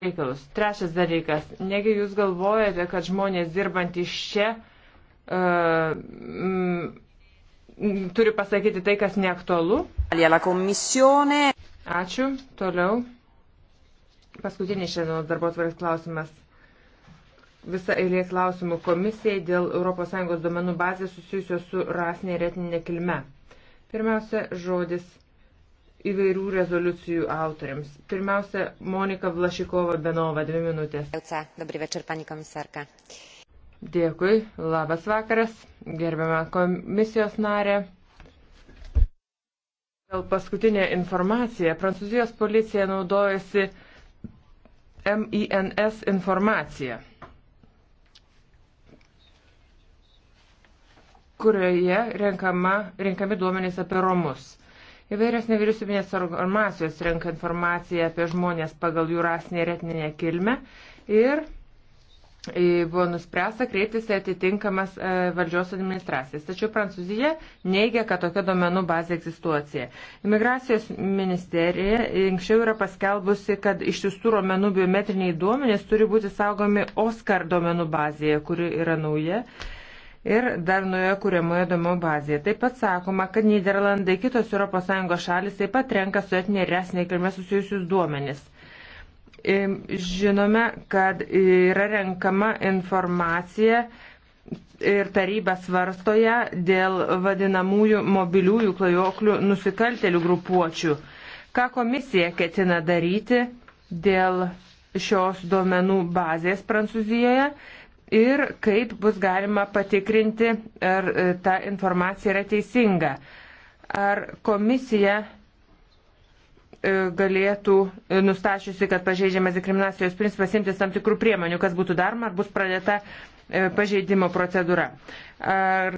reikalus. Trečias dalykas, negi jūs galvojate, kad žmonės dirbantys čia uh, mm, turi pasakyti tai, kas neaktualu? Ačiū. Toliau. Paskutinis šiandienos darbo tvarės klausimas. Visa eilė klausimų komisijai dėl ES duomenų bazės susijusios su rasinė ir etinė kilme. Pirmiausia, žodis įvairių rezoliucijų autoriams. Pirmiausia, Monika Vlašikova Benova, dvi minutės. Dobrį večer, pani komisarka. Dėkui, labas vakaras, gerbiama komisijos narė. Dėl paskutinė informacija, Prancūzijos policija naudojasi MINS informacija, kurioje renkama, renkami duomenys apie Romus. Įvairios nevyriausybinės organizacijos renka informaciją apie žmonės pagal jų rasinę ir etninę kilmę ir e, buvo nuspręsta kreiptis į atitinkamas e, valdžios administracijas. Tačiau Prancūzija neigia, kad tokia domenų bazė egzistuoja. Imigracijos ministerija anksčiau yra paskelbusi, kad išsiųstų domenų biometriniai duomenys turi būti saugomi OSCAR domenų bazėje, kuri yra nauja ir dar nuoje kuriamoje domo bazėje. Taip pat sakoma, kad Niderlandai kitos ES šalis taip pat renka su etinė ir esinė kilme susijusius duomenis. Žinome, kad yra renkama informacija ir taryba svarstoja dėl vadinamųjų mobiliųjų klajoklių nusikaltelių grupuočių. Ką komisija ketina daryti dėl šios duomenų bazės Prancūzijoje ir kaip bus galima patikrinti, ar e, ta informacija yra teisinga. Ar komisija e, galėtų, e, nustačiusi, kad pažeidžiamas diskriminacijos principas, imtis tam tikrų priemonių, kas būtų daroma, ar bus pradėta E, pažeidimo procedūra. Ar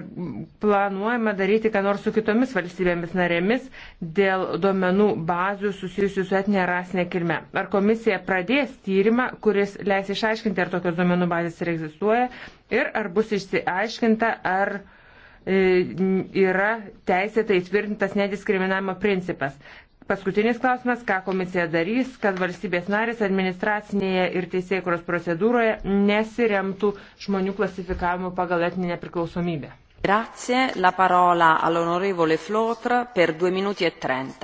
planuojama daryti, ką nors su kitomis valstybėmis narėmis dėl duomenų bazių susijusių su etinė rasinė kilme? Ar komisija pradės tyrimą, kuris leis išaiškinti, ar tokios duomenų bazės ir egzistuoja ir ar bus išsiaiškinta, ar e, yra teisėtai įtvirtintas nediskriminavimo principas. Paskutinis klausimas, ką komisija darys, kad valstybės narės administracinėje ir teisėkuros procedūroje nesiremtų žmonių klasifikavimu pagal etninę priklausomybę. Grazie, la parola all'onorevole Flotra per 2 minuti e 30.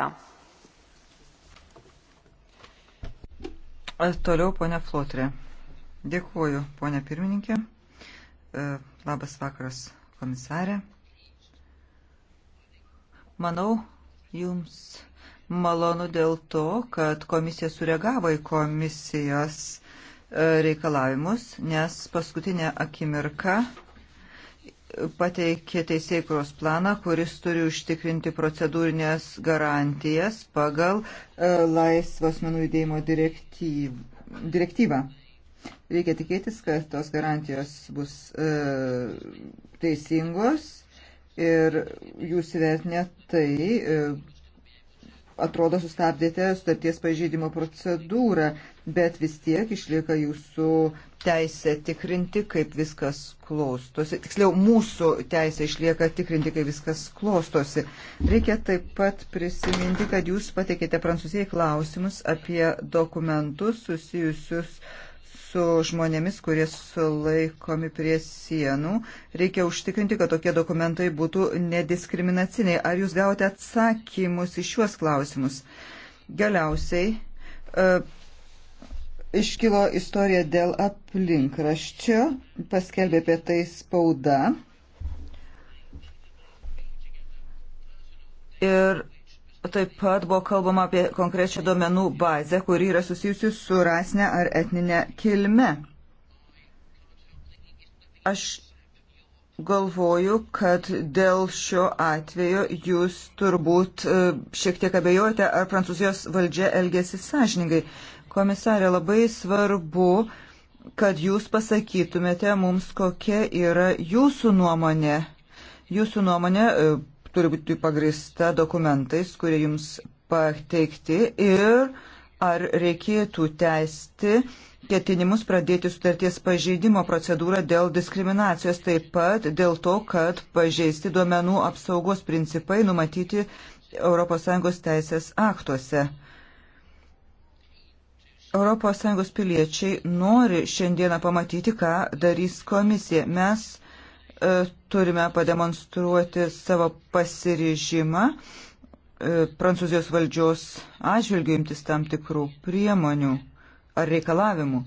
E, toliau, ponia Flotrė. Dėkuoju, ponia pirmininkė. E, labas vakaras, komisarė. Manau, jums malonu dėl to, kad komisija sureagavo į komisijos e, reikalavimus, nes paskutinė akimirka pateikė teisėkros planą, kuris turi užtikrinti procedūrinės garantijas pagal e, laisvos menų judėjimo direktyvą. Reikia tikėtis, kad tos garantijos bus e, teisingos ir jūs vertinė tai, e, atrodo sustabdėte sutarties pažeidimo procedūrą, bet vis tiek išlieka jūsų teisė tikrinti, kaip viskas klostosi. Tiksliau, mūsų teisė išlieka tikrinti, kaip viskas klostosi. Reikia taip pat prisiminti, kad jūs pateikėte Prancūzijai klausimus apie dokumentus susijusius uh, su žmonėmis, kurie sulaikomi prie sienų. Reikia užtikrinti, kad tokie dokumentai būtų nediskriminaciniai. Ar jūs gavote atsakymus į šiuos klausimus? Galiausiai e, iškilo istorija dėl aplinkraščio, paskelbė apie tai spauda. Ir Taip pat buvo kalbama apie konkrečią duomenų bazę, kuri yra susijusi su rasinė ar etninė kilme. Aš galvoju, kad dėl šio atvejo jūs turbūt e, šiek tiek abejojate, ar Prancūzijos valdžia elgėsi sąžiningai. Komisarė, labai svarbu, kad jūs pasakytumėte mums, kokia yra jūsų nuomonė. Jūsų nuomonė e, turi būti pagrista dokumentais, kurie jums pateikti ir ar reikėtų tęsti ketinimus pradėti sutarties pažeidimo procedūrą dėl diskriminacijos, taip pat dėl to, kad pažeisti duomenų apsaugos principai numatyti ES teisės aktuose. ES piliečiai nori šiandieną pamatyti, ką darys komisija. Mes E, turime pademonstruoti savo pasirižimą e, Prancūzijos valdžios atžvilgių imtis tam tikrų priemonių ar reikalavimų.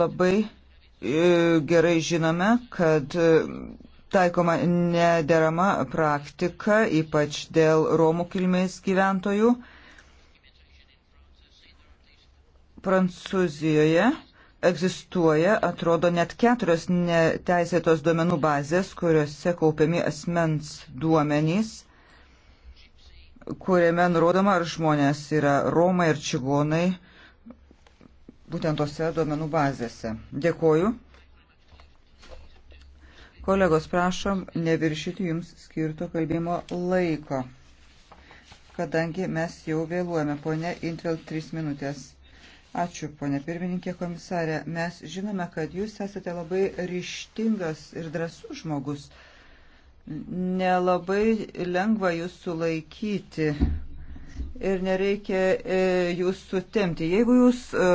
Labai e, gerai žinome, kad taikoma nederama praktika, ypač dėl Romų kilmės gyventojų. Prancūzijoje egzistuoja, atrodo, net keturios neteisėtos duomenų bazės, kuriuose kaupiami asmens duomenys, kuriame nurodoma, ar žmonės yra Romai ir Čigonai, būtent tose duomenų bazėse. Dėkoju. Kolegos, prašom neviršyti jums skirto kalbėjimo laiko, kadangi mes jau vėluojame. Pone Intvėl, trys minutės. Ačiū, ponė pirmininkė komisarė. Mes žinome, kad jūs esate labai ryštingas ir drasus žmogus. Nelabai lengva jūs sulaikyti ir nereikia e, jūs sutemti. Jeigu jūs e,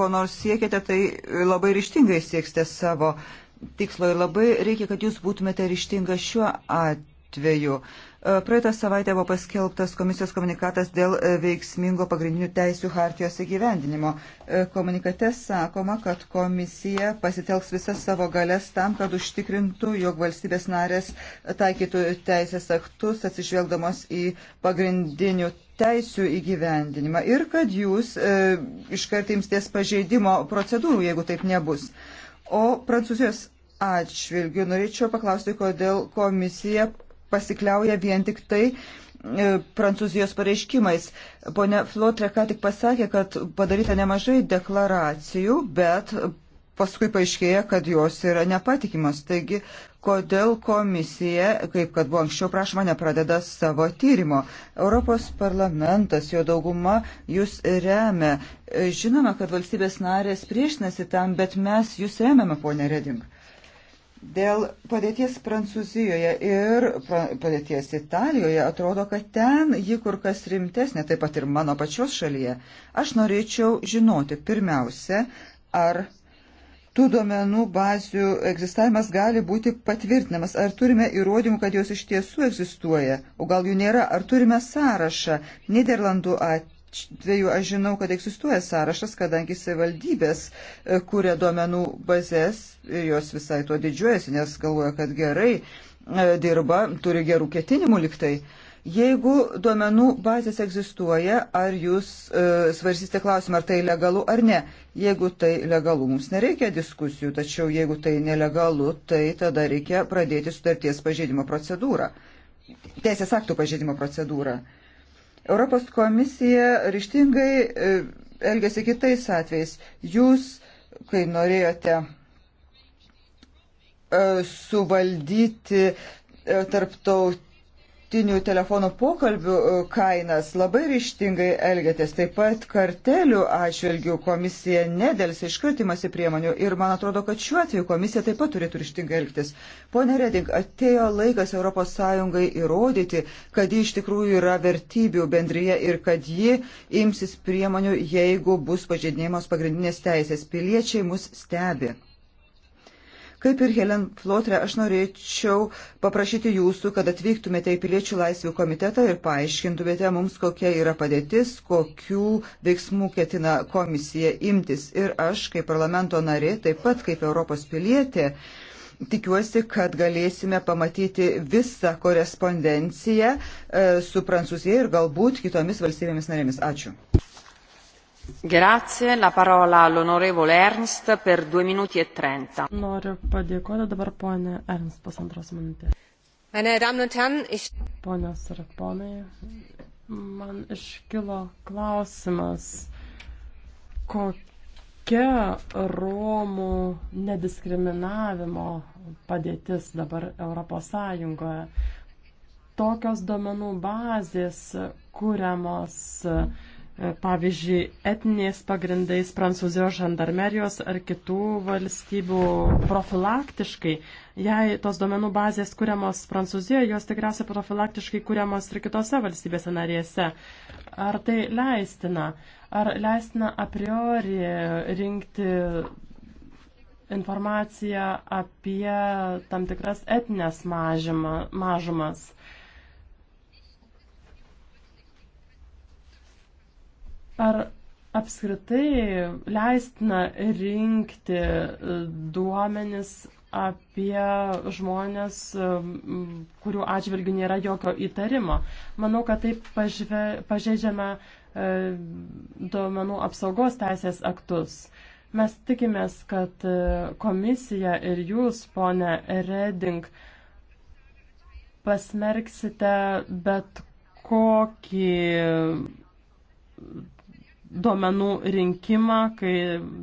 ko nors siekite, tai labai ryštingai sieksite savo tikslo ir labai reikia, kad jūs būtumėte ryštingas šiuo atveju. Praeitą savaitę buvo paskelbtas komisijos komunikatas dėl e, veiksmingo pagrindinių teisių hartijos įgyvendinimo. E, komunikate sakoma, kad komisija pasitelks visas savo galės tam, kad užtikrintų, jog valstybės narės taikytų teisės aktus atsižvelgdamos į pagrindinių teisių įgyvendinimą ir kad jūs e, iškart imsties pažeidimo procedūrų, jeigu taip nebus. O Prancūzijos atšvilgių norėčiau paklausti, kodėl komisija pasikliauja vien tik tai e, Prancūzijos pareiškimais. Pone Flotre ką tik pasakė, kad padaryta nemažai deklaracijų, bet paskui paaiškėja, kad jos yra nepatikimos. Taigi, kodėl komisija, kaip kad buvo anksčiau prašoma, nepradeda savo tyrimo? Europos parlamentas, jo dauguma jūs remia. Žinoma, kad valstybės narės priešinasi tam, bet mes jūs remiame, ponė Reding. Dėl padėties Prancūzijoje ir padėties Italijoje atrodo, kad ten ji kur kas rimtesnė, taip pat ir mano pačios šalyje. Aš norėčiau žinoti pirmiausia, ar tų duomenų bazių egzistavimas gali būti patvirtinamas, ar turime įrodymų, kad jos iš tiesų egzistuoja, o gal jų nėra, ar turime sąrašą Niderlandų atveju atveju tai aš žinau, kad egzistuoja sąrašas, kadangi savivaldybės e, kūrė duomenų bazės, jos visai tuo didžiuojasi, nes galvoja, kad gerai e, dirba, turi gerų ketinimų liktai. Jeigu duomenų bazės egzistuoja, ar jūs e, svarsysite klausimą, ar tai legalu ar ne? Jeigu tai legalu, mums nereikia diskusijų, tačiau jeigu tai nelegalu, tai tada reikia pradėti sutarties pažeidimo procedūrą. Teisės aktų pažeidimo procedūrą. E, Europos komisija ryštingai e, elgėsi kitais atvejais. Jūs, kai norėjote e, suvaldyti e, tarptaut naktinių telefonų pokalbių e, kainas labai ryštingai elgėtės. Taip pat kartelių atžvilgių komisija nedėlsi iškritimasi priemonių ir man atrodo, kad šiuo atveju komisija taip pat turėtų ryštingai elgtis. Pone Reding, atėjo laikas ES įrodyti, kad ji iš tikrųjų yra vertybių bendryje ir kad ji imsis priemonių, jeigu bus pažeidinėjamos pagrindinės teisės. Piliečiai mus stebi. Kaip ir Helen Flotre, aš norėčiau paprašyti jūsų, kad atvyktumėte į Piliečių laisvių komitetą ir paaiškintumėte mums, kokia yra padėtis, kokių veiksmų ketina komisija imtis. Ir aš, kaip parlamento narė, taip pat kaip Europos pilietė, tikiuosi, kad galėsime pamatyti visą korespondenciją e, su Prancūzija ir galbūt kitomis valstybėmis narėmis. Ačiū. Grazie, la parola all'onorevole Ernst per 2 minuti e 30. Noriu padėkoti dabar ponė Ernst pusantros minutės. Meine Damen und Herren, ich... Ponios ir ponai, man iškilo klausimas, kokia Romų nediskriminavimo padėtis dabar Europos Sąjungoje. Tokios domenų bazės kuriamos. Mm E, pavyzdžiui, etniniais pagrindais Prancūzijos žandarmerijos ar kitų valstybių profilaktiškai. Jei tos domenų bazės kuriamos Prancūzijoje, jos tikriausiai profilaktiškai kuriamos ir kitose valstybėse narėse. Ar tai leistina? Ar leistina a priori rinkti informaciją apie tam tikras etinės mažyma, mažumas? Ar apskritai leistina rinkti e, duomenis apie žmonės, e, kurių atžvilgių nėra jokio įtarimo. Manau, kad taip pažeidžiame duomenų apsaugos teisės aktus. Mes tikimės, kad e, komisija ir jūs, ponė Reding, pasmerksite bet kokį duomenų rinkimą, kai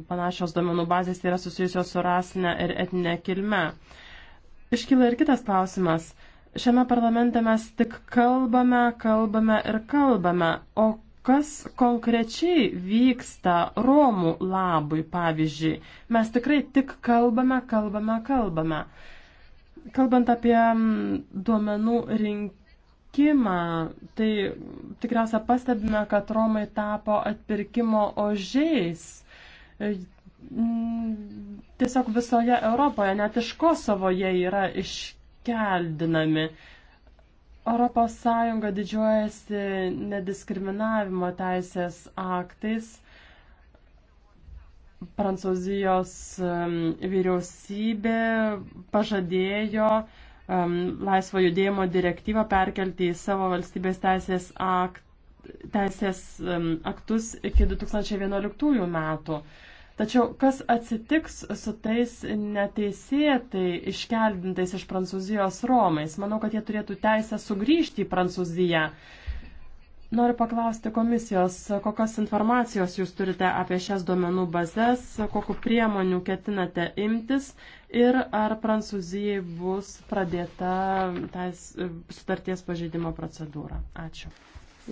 panašios duomenų bazės yra susijusios su rasinė ir etinė kilme. Iškyla ir kitas klausimas. Šiame parlamente mes tik kalbame, kalbame ir kalbame, o kas konkrečiai vyksta Romų labui, pavyzdžiui. Mes tikrai tik kalbame, kalbame, kalbame. Kalbant apie mm, duomenų rinkimą, atpirkimą, tai tikriausia pastebime, kad Romai tapo atpirkimo ožiais e, tiesiog visoje Europoje, net iš Kosovo jie yra iškeldinami. Europos Sąjunga didžiuojasi nediskriminavimo teisės aktais. Prancūzijos vyriausybė pažadėjo um, laisvo judėjimo direktyvą perkelti į savo valstybės teisės, akt, teisės um, aktus iki 2011 metų. Tačiau kas atsitiks su tais neteisėtai iškeldintais iš Prancūzijos Romais? Manau, kad jie turėtų teisę sugrįžti į Prancūziją. Noriu paklausti komisijos, kokios informacijos jūs turite apie šias duomenų bazės, kokiu priemonių ketinate imtis, ir ar Prancūzijai bus pradėta tais sutarties pažeidimo procedūra. Ačiū.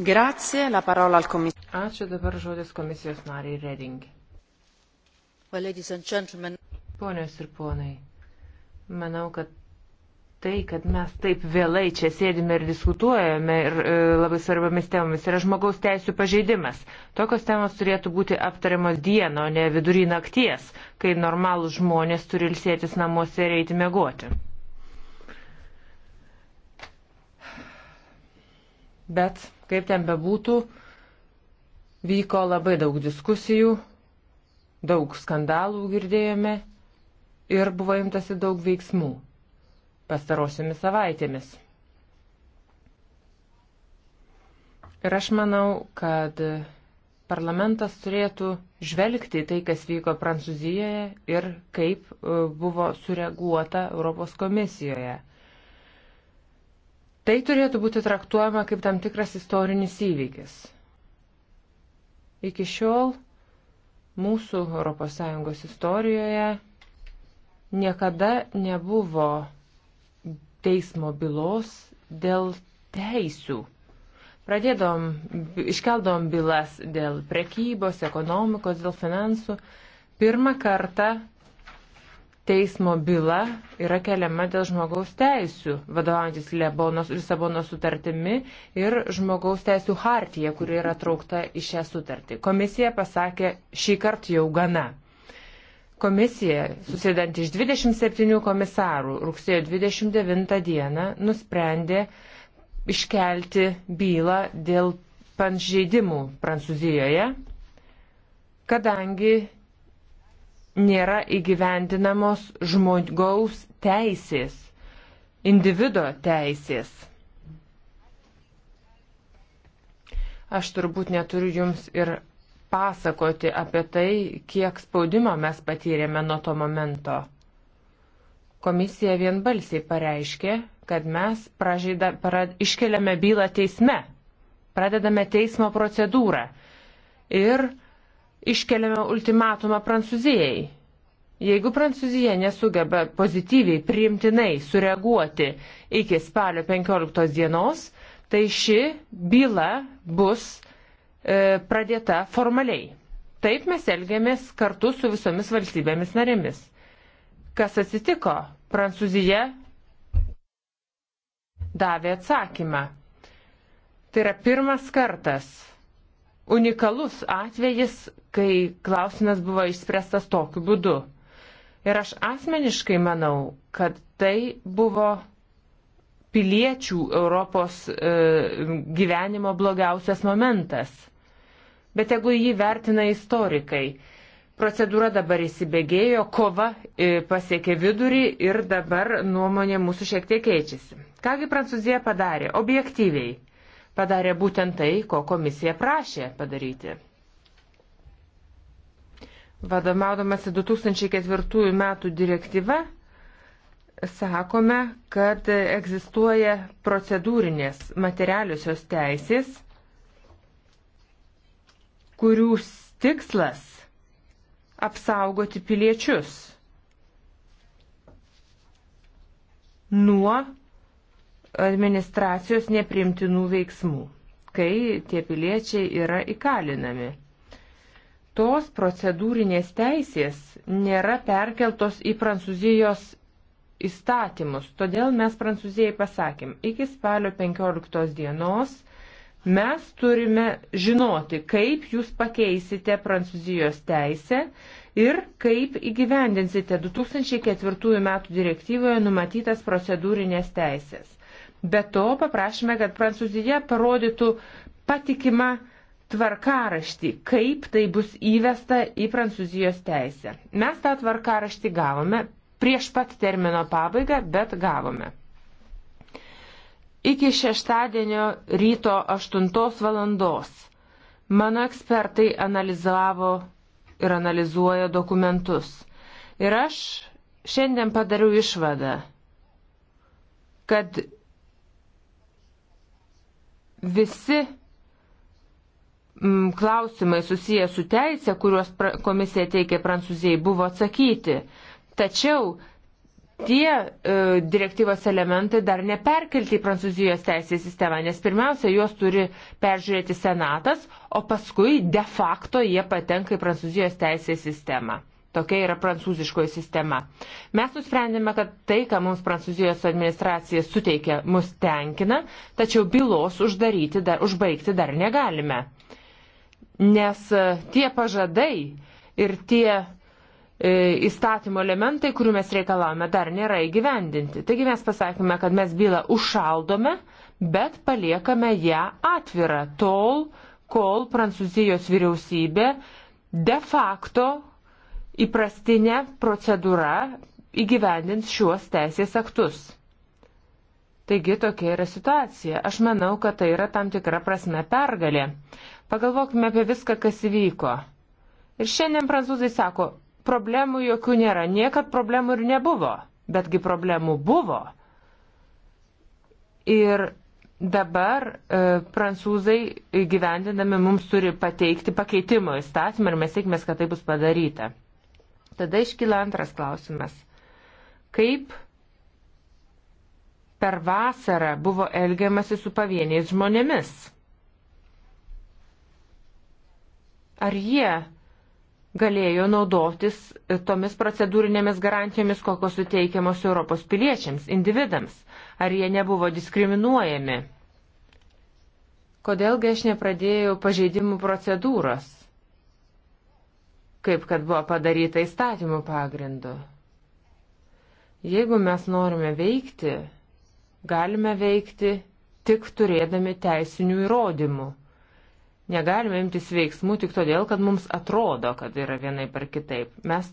Grazie, la parola al komisijos. Ačiū dabar žodis komisijos nariai Reding. Well, Ponios ir ponai, manau, kad tai, kad mes taip vėlai čia sėdime ir diskutuojame ir e, labai svarbiamis temomis yra žmogaus teisų pažeidimas. Tokios temos turėtų būti aptariamos dieną, o ne vidury nakties, kai normalūs žmonės turi ilsėtis namuose ir eiti mėgoti. Bet, kaip ten bebūtų, vyko labai daug diskusijų, daug skandalų girdėjome ir buvo imtasi daug veiksmų pastarosiomis savaitėmis. Ir aš manau, kad parlamentas turėtų žvelgti tai, kas vyko Prancūzijoje ir kaip e, buvo sureaguota Europos komisijoje. Tai turėtų būti traktuojama kaip tam tikras istorinis įvykis. Iki šiol mūsų ES istorijoje niekada nebuvo teismo bylos dėl teisių. Pradėdom, iškeldom bylas dėl prekybos, ekonomikos, dėl finansų. Pirmą kartą teismo byla yra keliama dėl žmogaus teisių, vadovaujantis Lisabono sutartimi ir žmogaus teisių hartija, kuri yra traukta į šią sutartį. Komisija pasakė šį kartą jau gana. Komisija, susidant iš 27 komisarų, rugsėjo 29 dieną nusprendė iškelti bylą dėl panžeidimų Prancūzijoje, kadangi nėra įgyvendinamos žmogaus teisės, individo teisės. Aš turbūt neturiu jums ir pasakoti apie tai, kiek spaudimo mes patyrėme nuo to momento. Komisija vienbalsiai pareiškė, kad mes pražyda, pra, iškeliame bylą teisme, pradedame teismo procedūrą ir iškeliame ultimatumą Prancūzijai. Jeigu Prancūzija nesugeba pozityviai priimtinai sureaguoti iki spalio 15 dienos, tai ši byla bus E, pradėta formaliai. Taip mes elgėmės kartu su visomis valstybėmis narėmis. Kas atsitiko? Prancūzija davė atsakymą. Tai yra pirmas kartas, unikalus atvejis, kai klausimas buvo išspręstas tokiu būdu. Ir aš asmeniškai manau, kad tai buvo piliečių Europos e, gyvenimo blogiausias momentas. Bet jeigu jį vertina istorikai, procedūra dabar įsibėgėjo, kova e, pasiekė vidurį ir dabar nuomonė mūsų šiek tiek keičiasi. Kągi Prancūzija padarė? Objektyviai. Padarė būtent tai, ko komisija prašė padaryti. Vadovaudamasi 2004 m. direktyva, sakome, kad egzistuoja procedūrinės materialiosios teisės, kurių tikslas apsaugoti piliečius nuo administracijos neprimtinų veiksmų, kai tie piliečiai yra įkalinami. Tos procedūrinės teisės nėra perkeltos į Prancūzijos įstatymus. Todėl mes Prancūzijai pasakėm, iki spalio 15 dienos mes turime žinoti, kaip jūs pakeisite Prancūzijos teisę ir kaip įgyvendinsite 2004 m. direktyvoje numatytas procedūrinės teisės. Be to paprašėme, kad Prancūzija parodytų patikimą tvarkaraštį, kaip tai bus įvesta į Prancūzijos teisę. Mes tą tvarkaraštį gavome prieš pat termino pabaigą, bet gavome. Iki šeštadienio ryto 8 valandos mano ekspertai analizavo ir analizuoja dokumentus. Ir aš šiandien padariau išvadą, kad visi mm, klausimai susiję su teisė, kuriuos komisija teikė Prancūzijai, buvo atsakyti. Tačiau tie e, direktyvos elementai dar neperkelti į Prancūzijos teisės sistemą, nes pirmiausia, juos turi peržiūrėti Senatas, o paskui de facto jie patenka į Prancūzijos teisės sistemą. Tokia yra prancūziškoji sistema. Mes nusprendėme, kad tai, ką mums prancūzijos administracija suteikia, mus tenkina, tačiau bylos uždaryti, dar, užbaigti dar negalime. Nes e, tie pažadai ir tie E, įstatymo elementai, kurių mes reikalavome, dar nėra įgyvendinti. Taigi mes pasakėme, kad mes bylą užšaldome, bet paliekame ją atvirą tol, kol Prancūzijos vyriausybė de facto įprastinė procedūra įgyvendins šiuos teisės aktus. Taigi tokia yra situacija. Aš manau, kad tai yra tam tikra prasme pergalė. Pagalvokime apie viską, kas įvyko. Ir šiandien prancūzai sako, problemų jokių nėra. Niekad problemų ir nebuvo, betgi problemų buvo. Ir dabar e, prancūzai gyvendinami mums turi pateikti pakeitimo įstatymą ir mes tikimės, kad tai bus padaryta. Tada iškyla antras klausimas. Kaip per vasarą buvo elgiamasi su pavieniais žmonėmis? Ar jie galėjo naudotis e, tomis procedūrinėmis garantijomis, kokios suteikiamos Europos piliečiams, individams? Ar jie nebuvo diskriminuojami? Kodėlgi aš nepradėjau pažeidimų procedūros, kaip kad buvo padaryta įstatymų pagrindu? Jeigu mes norime veikti, galime veikti tik turėdami teisinių įrodymų Negalime imtis veiksmų tik todėl, kad mums atrodo, kad yra vienai par kitaip. Mes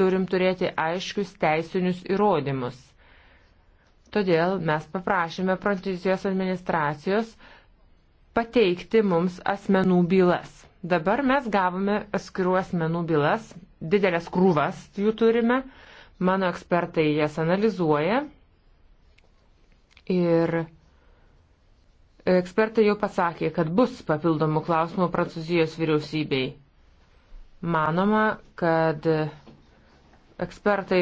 turim turėti aiškius teisinius įrodymus. Todėl mes paprašėme Prancūzijos administracijos pateikti mums asmenų bylas. Dabar mes gavome atskirų asmenų bylas, didelės krūvas jų turime, mano ekspertai jas analizuoja ir Ekspertai jau pasakė, kad bus papildomų klausimų Prancūzijos vyriausybei. Manoma, kad ekspertai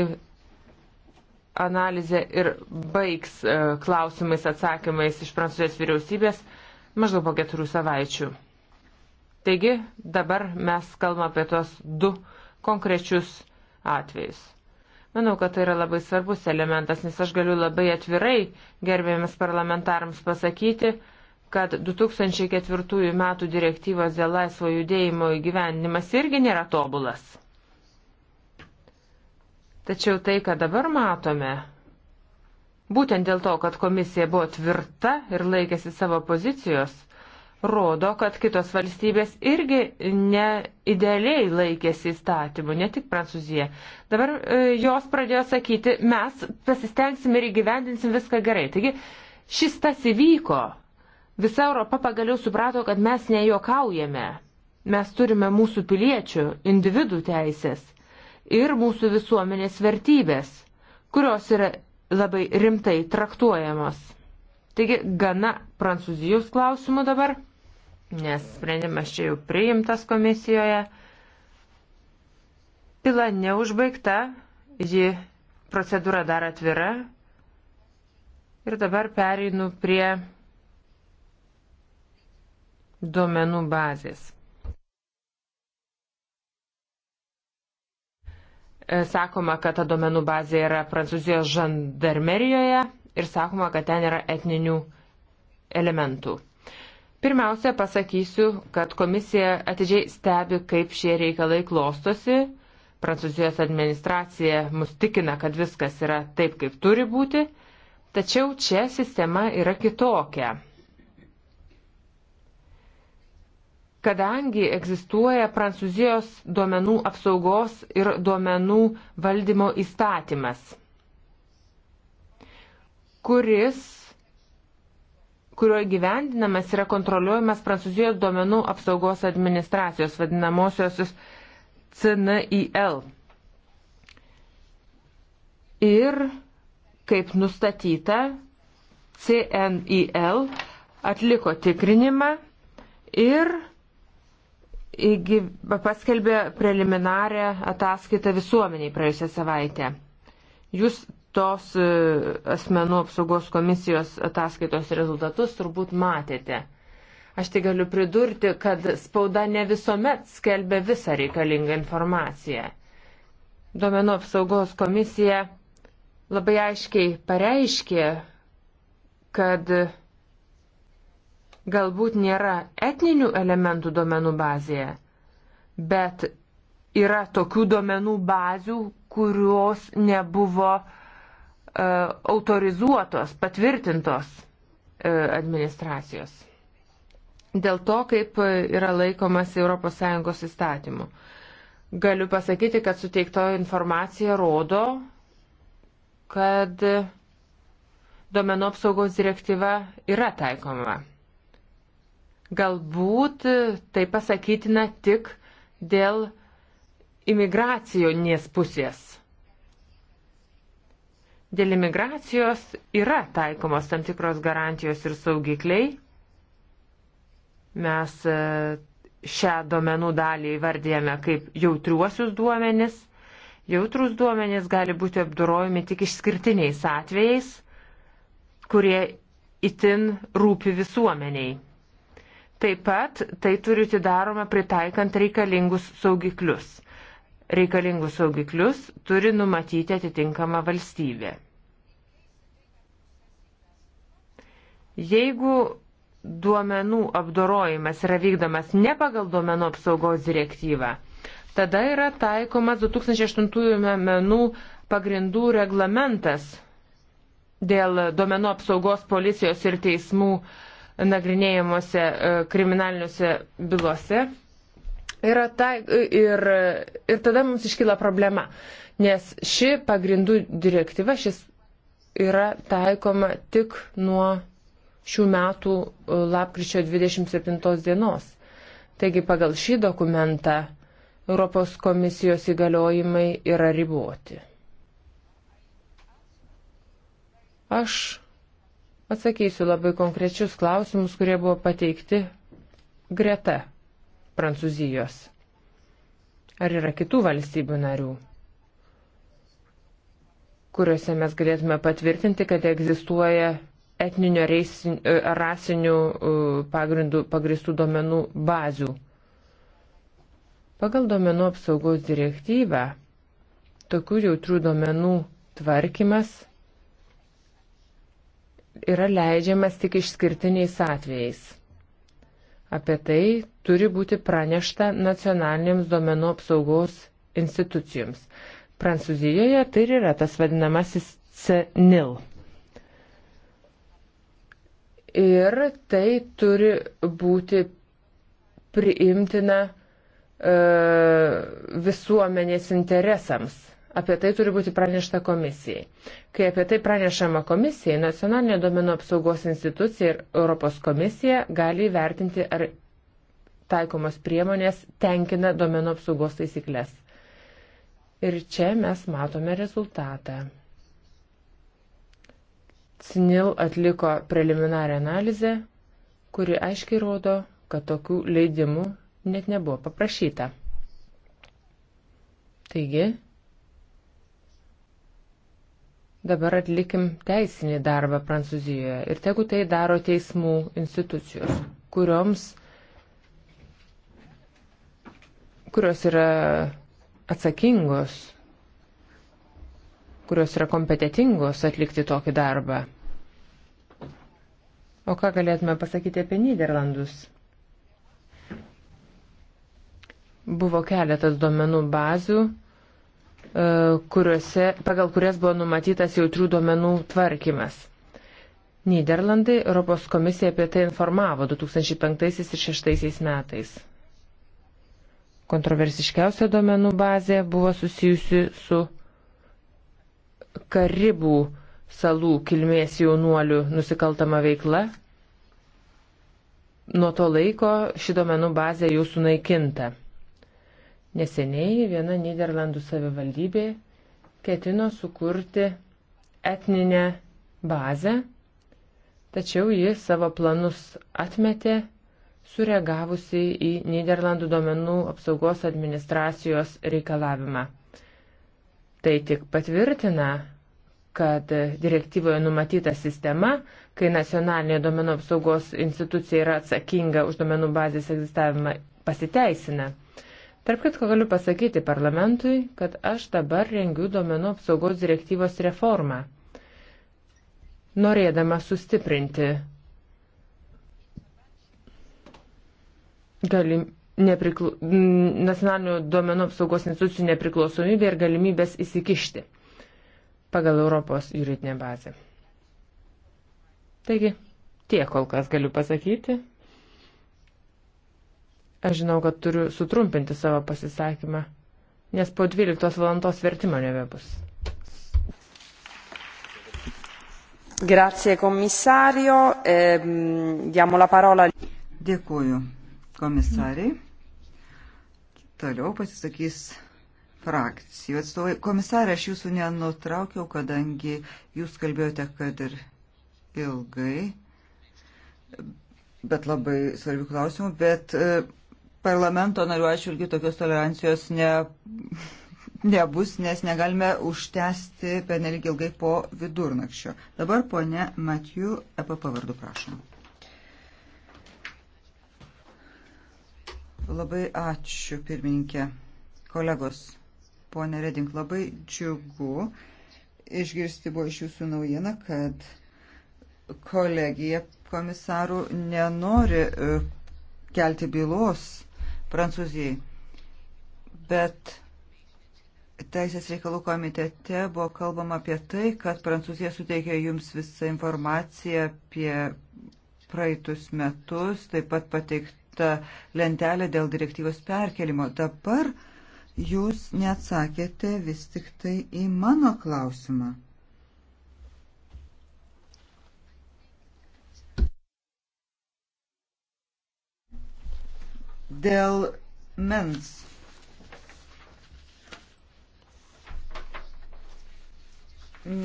analizę ir baigs e, klausimais atsakymais iš Prancūzijos vyriausybės maždaug po keturių savaičių. Taigi dabar mes kalbame apie tuos du konkrečius atvejus. Manau, kad tai yra labai svarbus elementas, nes aš galiu labai atvirai gerbėjimis parlamentarams pasakyti, kad 2004 metų direktyvos dėl laisvo judėjimo įgyvendinimas irgi nėra tobulas. Tačiau tai, ką dabar matome, būtent dėl to, kad komisija buvo tvirta ir laikėsi savo pozicijos, rodo, kad kitos valstybės irgi neidealiai laikėsi įstatymų, ne tik Prancūzija. Dabar e, jos pradėjo sakyti, mes pasistengsime ir įgyvendinsim viską gerai. Taigi šis tas įvyko, Visa Europa pagaliau suprato, kad mes nejuokaujame. Mes turime mūsų piliečių, individų teisės ir mūsų visuomenės vertybės, kurios yra labai rimtai traktuojamos. Taigi gana prancūzijos klausimų dabar, nes sprendimas čia jau priimtas komisijoje. Pila neužbaigta, ji procedūra dar atvira. Ir dabar pereinu prie duomenų bazės. E, sakoma, kad ta duomenų bazė yra Prancūzijos žandarmerijoje ir sakoma, kad ten yra etninių elementų. Pirmiausia, pasakysiu, kad komisija atidžiai stebi, kaip šie reikalai klostosi. Prancūzijos administracija mus tikina, kad viskas yra taip, kaip turi būti. Tačiau čia sistema yra kitokia. kadangi egzistuoja Prancūzijos duomenų apsaugos ir duomenų valdymo įstatymas, kuris kurio gyvendinamas yra kontroliuojamas Prancūzijos duomenų apsaugos administracijos vadinamosios CNIL. Ir, kaip nustatyta, CNIL atliko tikrinimą ir įgy, paskelbė preliminarę ataskaitą visuomeniai praėjusią savaitę. Jūs tos e, asmenų apsaugos komisijos ataskaitos rezultatus turbūt matėte. Aš tik galiu pridurti, kad spauda ne visuomet skelbia visą reikalingą informaciją. Duomenų apsaugos komisija labai aiškiai pareiškė, kad Galbūt nėra etninių elementų duomenų bazėje, bet yra tokių duomenų bazių, kurios nebuvo uh, autorizuotos, patvirtintos uh, administracijos. Dėl to, kaip yra laikomas ES įstatymų. Galiu pasakyti, kad suteikto informacija rodo, kad duomenų apsaugos direktyva yra taikoma. Galbūt e, tai pasakytina tik dėl imigracijonės pusės. Dėl imigracijos yra taikomos tam tikros garantijos ir saugikliai. Mes e, šią duomenų dalį įvardėjame kaip jautriuosius duomenis. Jautrus duomenys gali būti apdorojami tik išskirtiniais atvejais, kurie itin rūpi visuomeniai. Taip pat tai turi būti daroma pritaikant reikalingus saugiklius. Reikalingus saugiklius turi numatyti atitinkama valstybė. Jeigu duomenų apdorojimas yra vykdomas ne pagal duomenų apsaugos direktyvą, tada yra taikomas 2008 menų pagrindų reglamentas dėl duomenų apsaugos policijos ir teismų uh, nagrinėjimuose e, kriminaliniuose bylose. Yra ta, e, ir, ir tada mums iškyla problema, nes ši pagrindų direktyva šis yra taikoma tik nuo šių metų e, lapkričio 27 dienos. Taigi pagal šį dokumentą Europos komisijos įgaliojimai yra riboti. Aš Atsakysiu labai konkrečius klausimus, kurie buvo pateikti greta Prancūzijos. Ar yra kitų valstybių narių, kuriuose mes galėtume patvirtinti, kad egzistuoja etninio e, rasinių e, pagrindų pagristų duomenų bazių? Pagal duomenų apsaugos direktyvą tokių jautrių duomenų tvarkymas – yra leidžiamas tik išskirtiniais atvejais. Apie tai turi būti pranešta nacionalinėms duomenų apsaugos institucijoms. Prancūzijoje tai yra tas vadinamasis CNIL. Ir tai turi būti priimtina e, visuomenės interesams Apie tai turi būti pranešta komisijai. Kai apie tai pranešama komisijai, nacionalinė duomenų apsaugos institucija ir Europos komisija gali įvertinti, ar taikomos priemonės tenkina duomenų apsaugos taisyklės. Ir čia mes matome rezultatą. CNIL atliko preliminarią analizę, kuri aiškiai rodo, kad tokių leidimų net nebuvo paprašyta. Taigi, Dabar atlikim teisinį darbą Prancūzijoje ir tegu tai daro teismų institucijos, kurioms, kurios yra atsakingos, kurios yra kompetitingos atlikti tokį darbą. O ką galėtume pasakyti apie Niderlandus? Buvo keletas duomenų bazių E, kuriuose, pagal kurias buvo numatytas jautrių duomenų tvarkymas. Niderlandai Europos komisija apie tai informavo 2005 ir 2006 metais. Kontroversiškiausia duomenų bazė buvo susijusi su Karibų salų kilmės jaunuolių nusikaltama veikla. Nuo to laiko ši duomenų bazė jau sunaikinta. Neseniai viena Niderlandų savivaldybė ketino sukurti etninę bazę, tačiau ji savo planus atmetė, sureagavusi į Niderlandų duomenų apsaugos administracijos reikalavimą. Tai tik patvirtina, kad direktyvoje numatyta sistema, kai nacionalinė duomenų apsaugos institucija yra atsakinga už duomenų bazės egzistavimą, pasiteisina. Tarp kitko galiu pasakyti parlamentui, kad aš dabar rengiu duomenų apsaugos direktyvos reformą, norėdama sustiprinti galim, nepriklu, nacionalinių duomenų apsaugos institucijų nepriklausomybę ir galimybės įsikišti pagal Europos juridinę bazę. Taigi, tiek kol kas galiu pasakyti. Aš žinau, kad turiu sutrumpinti savo pasisakymą, nes po 12 valandos vertimo nebebus. Grazie komisario, ehm, diamo la parola. Dėkuoju komisariai. Toliau pasisakys frakcijų atstovai. Komisarė, aš jūsų nenutraukiau, kadangi jūs kalbėjote, kad ir ilgai, bet labai svarbių klausimų, bet e, parlamento narių atžvilgių tokios tolerancijos ne, nebus, nes negalime užtęsti penelik ilgai po vidurnakščio. Dabar ponė Matijų EPP vardu prašom. Labai ačiū, pirmininkė. Kolegos, ponė Redink, labai džiugu išgirsti buvo iš jūsų naujieną, kad kolegija komisarų nenori e, kelti bylos Prancūzijai. Bet Teisės reikalų komitete buvo kalbama apie tai, kad Prancūzija suteikė jums visą informaciją apie praeitus metus, taip pat pateikta lentelė dėl direktyvos perkelimo. Dabar jūs neatsakėte vis tik tai į mano klausimą. Dėl mens.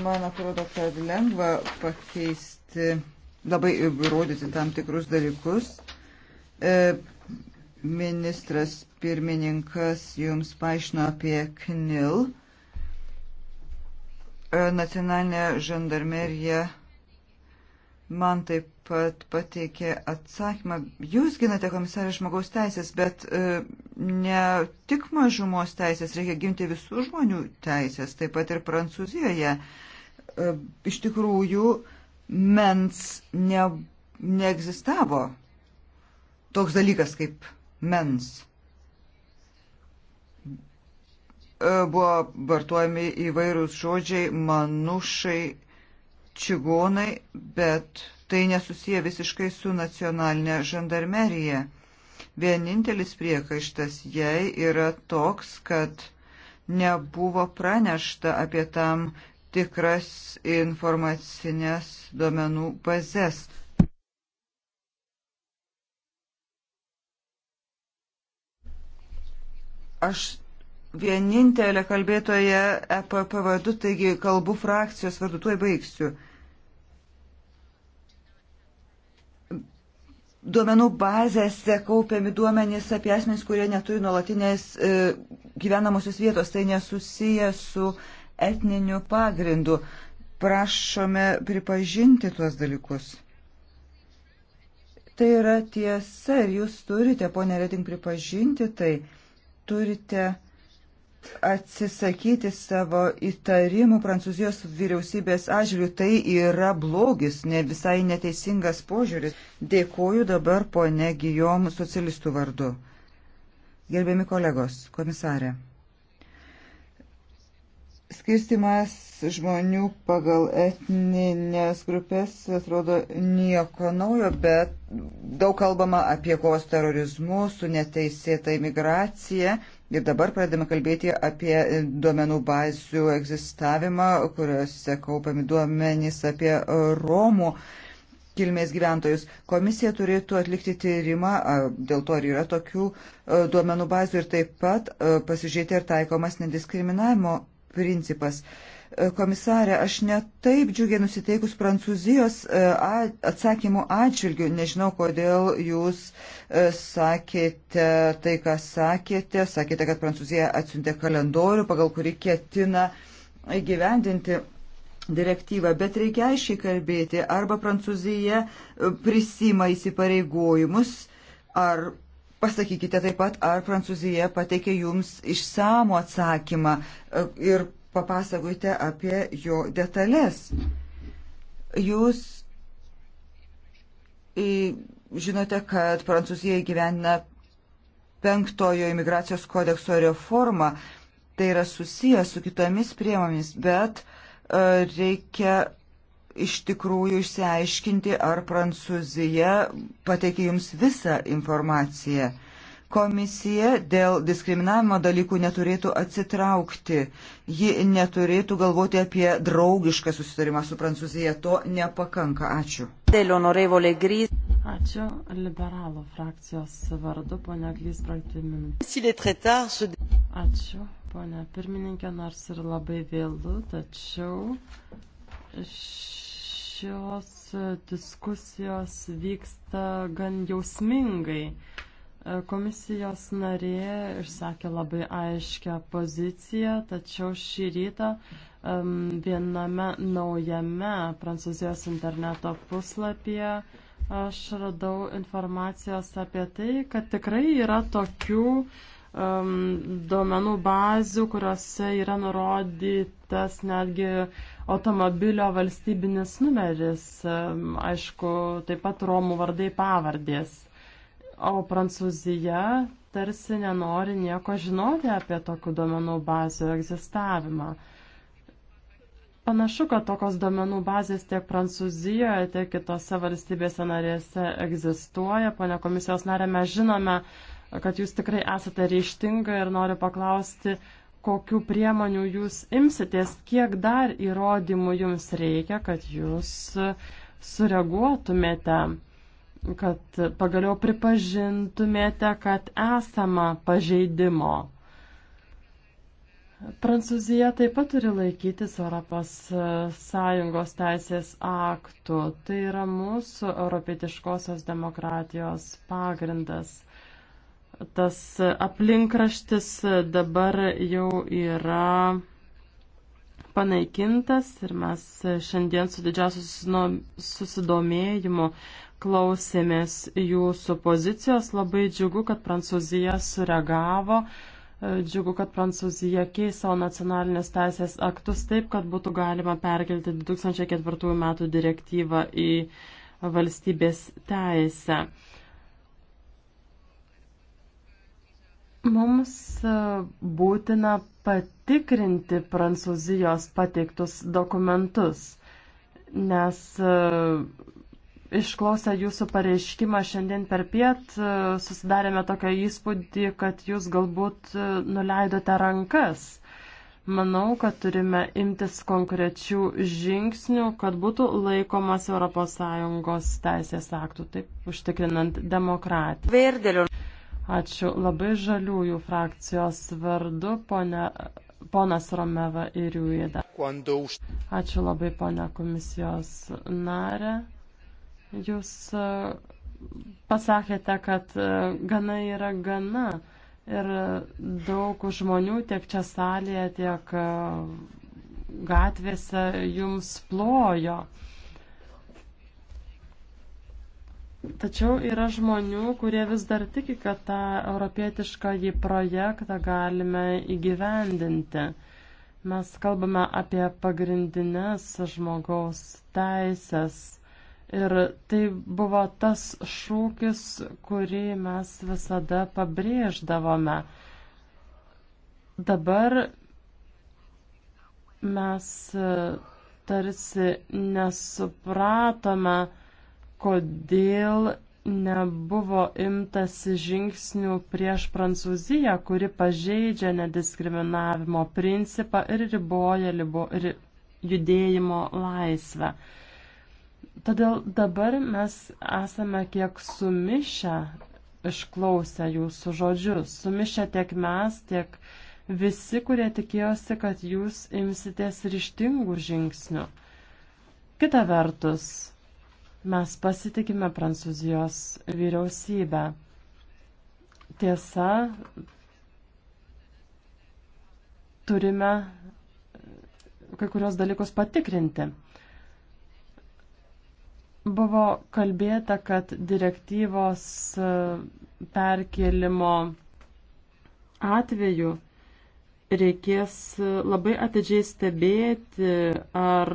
Man atrodo, kad lengva pakeisti, labai įrodyti tam tikrus dalykus. E, ministras pirmininkas jums paaiškino apie KNIL. E, nacionalinė žandarmerija man taip pat pateikė atsakymą. Jūs ginate komisarė žmogaus teisės, bet e, ne tik mažumos teisės, reikia ginti visų žmonių teisės, taip pat ir Prancūzijoje. E, iš tikrųjų, mens ne, neegzistavo toks dalykas kaip mens. E, buvo vartojami įvairūs žodžiai manušai, čigonai, bet Tai nesusiję visiškai su nacionalinė žandarmerija. Vienintelis priekaištas jai yra toks, kad nebuvo pranešta apie tam tikras informacinės duomenų bazės. Aš vienintelė kalbėtoja EPP vardu, taigi kalbu frakcijos vardu, tuoj baigsiu. duomenų bazėse kaupiami duomenys apie asmenys, kurie neturi nuolatinės e, gyvenamosios vietos, tai nesusiję su etniniu pagrindu. Prašome pripažinti tuos dalykus. Tai yra tiesa ir jūs turite, ponė Reding, pripažinti tai. Turite atsisakyti savo įtarimų Prancūzijos vyriausybės atžvilgių. Tai yra blogis, ne visai neteisingas požiūris. Dėkuoju dabar ponė Gijom socialistų vardu. Gerbiami kolegos, komisarė. Skirstimas žmonių pagal etninės grupės atrodo nieko naujo, bet daug kalbama apie kovos terorizmu, su neteisėta imigracija Ir dabar pradedame kalbėti apie duomenų bazių egzistavimą, kuriuose kaupami duomenys apie Romų kilmės gyventojus. Komisija turėtų atlikti tyrimą, dėl to ir yra tokių duomenų bazių ir taip pat pasižiūrėti, ar taikomas nediskriminavimo principas. Komisarė, aš netaip džiugiai nusiteikus Prancūzijos e, atsakymų atžvilgių. Nežinau, kodėl jūs e, sakėte tai, ką sakėte. Sakėte, kad Prancūzija atsiuntė kalendorių, pagal kurį ketina įgyvendinti direktyvą, bet reikia aiškiai kalbėti, arba Prancūzija e, prisima įsipareigojimus, ar pasakykite taip pat, ar Prancūzija pateikė jums išsamų atsakymą ir papasakojate apie jo detalės. Jūs žinote, kad Prancūzija įgyvendina penktojo imigracijos kodekso reformą. Tai yra susijęs su kitomis priemonėmis, bet e, reikia iš tikrųjų išsiaiškinti, ar Prancūzija pateikė jums visą informaciją. Komisija dėl diskriminavimo dalykų neturėtų atsitraukti. Ji neturėtų galvoti apie draugišką susitarimą su Prancūzija. To nepakanka. Ačiū. Ačiū liberalų frakcijos vardu, ponia Glys, praktiminė. Ačiū, ponia pirmininkė, nors ir labai vėlų, tačiau šios diskusijos vyksta gan jausmingai. Komisijos narė išsakė labai aiškę poziciją, tačiau šį rytą um, viename naujame Prancūzijos interneto puslapyje aš radau informacijos apie tai, kad tikrai yra tokių um, duomenų bazių, kuriuose yra nurodytas netgi automobilio valstybinis numeris, um, aišku, taip pat Romų vardai pavardės. O Prancūzija tarsi nenori nieko žinoti apie tokių duomenų bazių egzistavimą. Panašu, kad tokios duomenų bazės tiek Prancūzijoje, tiek kitose valstybėse narėse egzistuoja. Pone komisijos narė, mes žinome, kad jūs tikrai esate ryštinga ir noriu paklausti, kokiu priemonių jūs imsitės, kiek dar įrodymų jums reikia, kad jūs sureaguotumėte kad pagaliau pripažintumėte, kad esama pažeidimo. Prancūzija taip pat turi laikytis ES teisės aktų. Tai yra mūsų europietiškosios demokratijos pagrindas. Tas aplinkraštis dabar jau yra panaikintas ir mes šiandien su didžiausiu susidomėjimu klausėmės jūsų pozicijos. Labai džiugu, kad Prancūzija sureagavo. E, džiugu, kad Prancūzija keis savo nacionalinės teisės aktus taip, kad būtų galima perkelti 2004 metų direktyvą į valstybės teisę. Mums e, būtina patikrinti Prancūzijos pateiktus dokumentus, nes e, Išklausę jūsų pareiškimą šiandien per piet, e, susidarėme tokią įspūdį, kad jūs galbūt e, nuleidote rankas. Manau, kad turime imtis konkrečių žingsnių, kad būtų laikomas ES teisės aktų, taip užtikrinant demokratiją. Verdėliu. Ačiū labai žaliųjų frakcijos vardu, ponia, ponas Romeva ir Juida. Ačiū labai, ponia komisijos narė. Jūs e, pasakėte, kad e, gana yra gana. Ir daug žmonių tiek čia salėje, tiek e, gatvėse jums plojo. Tačiau yra žmonių, kurie vis dar tiki, kad tą europietišką jį projektą galime įgyvendinti. Mes kalbame apie pagrindinės žmogaus teisės. Ir tai buvo tas šūkis, kurį mes visada pabrėždavome. Dabar mes e, tarsi nesupratome, kodėl nebuvo imtasi žingsnių prieš Prancūziją, kuri pažeidžia nediskriminavimo principą ir riboja libo, ri, judėjimo laisvę. Todėl dabar mes esame kiek sumišę išklausę jūsų žodžius, sumišę tiek mes, tiek visi, kurie tikėjosi, kad jūs imsitės ryštingų žingsnių. Kita vertus, mes pasitikime Prancūzijos vyriausybę. Tiesa, turime kai kurios dalykus patikrinti. Buvo kalbėta, kad direktyvos e, perkelimo atveju reikės e, labai atidžiai stebėti, ar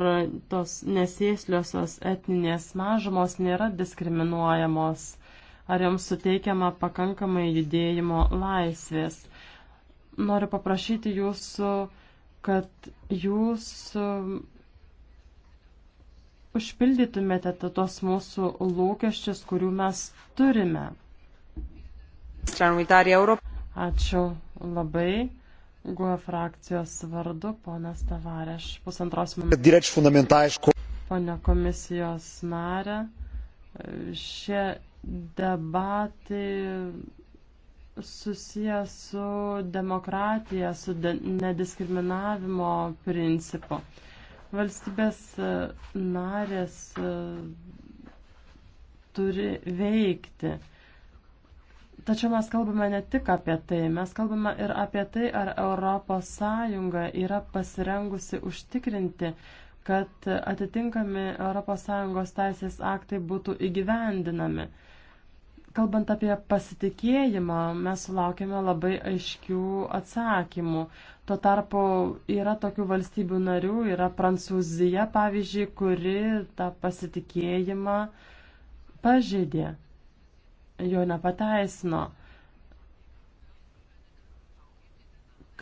tos nesėsliosios etninės mažumos nėra diskriminuojamos, ar joms suteikiama pakankamai judėjimo laisvės. Noriu paprašyti jūsų, kad jūs užpildytumėte tos mūsų lūkesčius, kurių mes turime. Ačiū labai. Guo e frakcijos vardu, ponas Tavarėš, pusantros minutės. Pone komisijos narė, šie debatai susiję su demokratija, su nediskriminavimo principu. Valstybės e, narės e, turi veikti. Tačiau mes kalbame ne tik apie tai, mes kalbame ir apie tai, ar ES yra pasirengusi užtikrinti, kad atitinkami ES teisės aktai būtų įgyvendinami. Kalbant apie pasitikėjimą, mes sulaukėme labai aiškių atsakymų. Tuo tarpu yra tokių valstybių narių, yra Prancūzija, pavyzdžiui, kuri tą pasitikėjimą pažeidė, jo nepateisino.